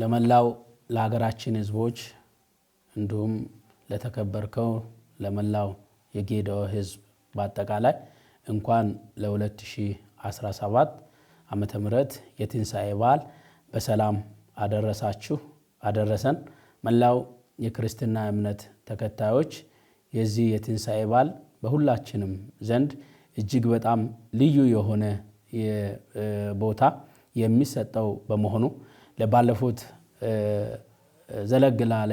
ለመላው ለሀገራችን ህዝቦች እንዲሁም ለተከበርከው ለመላው የጌዴኦ ህዝብ በአጠቃላይ እንኳን ለ2017 ዓመተ ምህረት የትንሣኤ በዓል በሰላም አደረሳችሁ አደረሰን። መላው የክርስትና እምነት ተከታዮች የዚህ የትንሣኤ በዓል በሁላችንም ዘንድ እጅግ በጣም ልዩ የሆነ ቦታ የሚሰጠው በመሆኑ ለባለፉት ዘለግ ላለ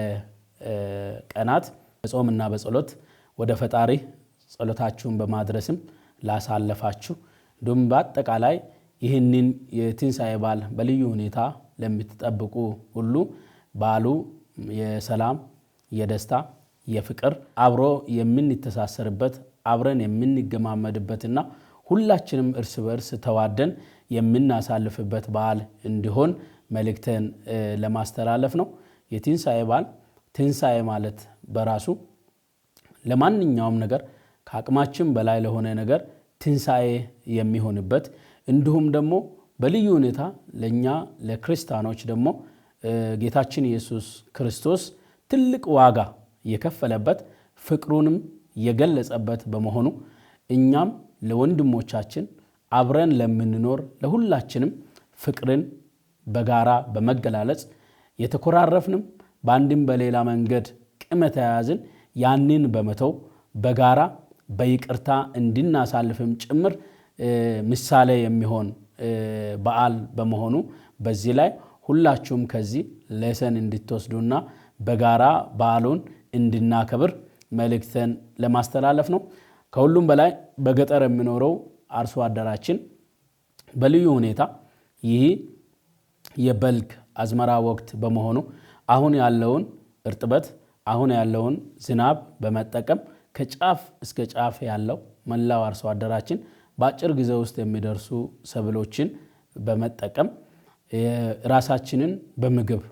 ቀናት በጾምና በጸሎት ወደ ፈጣሪ ጸሎታችሁን በማድረስም ላሳለፋችሁ እንዲሁም በአጠቃላይ ይህንን የትንሣኤ በዓል በልዩ ሁኔታ ለምትጠብቁ ሁሉ በዓሉ የሰላም፣ የደስታ፣ የፍቅር አብሮ የምንተሳሰርበት አብረን የምንገማመድበትና ሁላችንም እርስ በእርስ ተዋደን የምናሳልፍበት በዓል እንዲሆን መልእክትን ለማስተላለፍ ነው። የትንሣኤ በዓል ትንሣኤ ማለት በራሱ ለማንኛውም ነገር ከአቅማችን በላይ ለሆነ ነገር ትንሣኤ የሚሆንበት እንዲሁም ደግሞ በልዩ ሁኔታ ለእኛ ለክርስቲያኖች ደግሞ ጌታችን ኢየሱስ ክርስቶስ ትልቅ ዋጋ የከፈለበት ፍቅሩንም የገለጸበት በመሆኑ እኛም ለወንድሞቻችን አብረን ለምንኖር ለሁላችንም ፍቅርን በጋራ በመገላለጽ የተኮራረፍንም በአንድም በሌላ መንገድ ቅመ ተያያዝን ያንን በመተው በጋራ በይቅርታ እንድናሳልፍም ጭምር ምሳሌ የሚሆን በዓል በመሆኑ በዚህ ላይ ሁላችሁም ከዚህ ሌሰን እንድትወስዱና በጋራ በዓሉን እንድናከብር መልእክተን ለማስተላለፍ ነው። ከሁሉም በላይ በገጠር የሚኖረው አርሶ አደራችን በልዩ ሁኔታ ይህ የበልግ አዝመራ ወቅት በመሆኑ አሁን ያለውን እርጥበት አሁን ያለውን ዝናብ በመጠቀም ከጫፍ እስከ ጫፍ ያለው መላው አርሶ አደራችን በአጭር ጊዜ ውስጥ የሚደርሱ ሰብሎችን በመጠቀም ራሳችንን በምግብ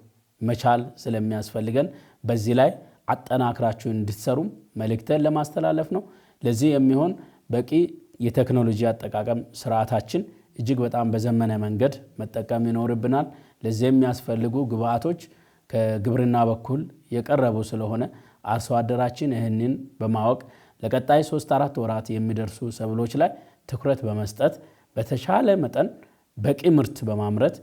መቻል ስለሚያስፈልገን በዚህ ላይ አጠናክራችሁ እንድትሰሩም መልእክተን ለማስተላለፍ ነው። ለዚህ የሚሆን በቂ የቴክኖሎጂ አጠቃቀም ስርዓታችን እጅግ በጣም በዘመነ መንገድ መጠቀም ይኖርብናል። ለዚህ የሚያስፈልጉ ግብአቶች ከግብርና በኩል የቀረቡ ስለሆነ አርሶ አደራችን ይህንን በማወቅ ለቀጣይ ሶስት አራት ወራት የሚደርሱ ሰብሎች ላይ ትኩረት በመስጠት በተሻለ መጠን በቂ ምርት በማምረት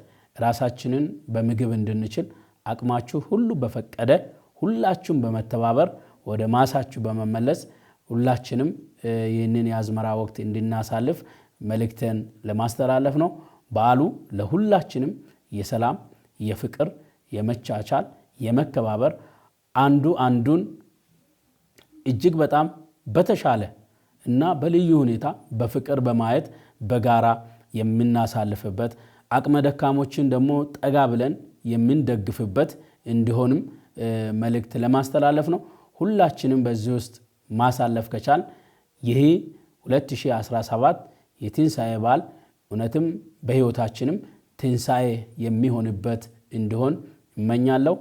ራሳችንን በምግብ እንድንችል አቅማችሁ ሁሉ በፈቀደ ሁላችሁም በመተባበር ወደ ማሳችሁ በመመለስ ሁላችንም ይህንን የአዝመራ ወቅት እንድናሳልፍ መልእክትን ለማስተላለፍ ነው። በዓሉ ለሁላችንም የሰላም፣ የፍቅር፣ የመቻቻል፣ የመከባበር አንዱ አንዱን እጅግ በጣም በተሻለ እና በልዩ ሁኔታ በፍቅር በማየት በጋራ የምናሳልፍበት አቅመ ደካሞችን ደግሞ ጠጋ ብለን የምንደግፍበት እንዲሆንም መልእክት ለማስተላለፍ ነው። ሁላችንም በዚህ ውስጥ ማሳለፍ ከቻል ይህ 2017 የትንሣኤ በዓል እውነትም በሕይወታችንም ትንሣኤ የሚሆንበት እንዲሆን እመኛለሁ።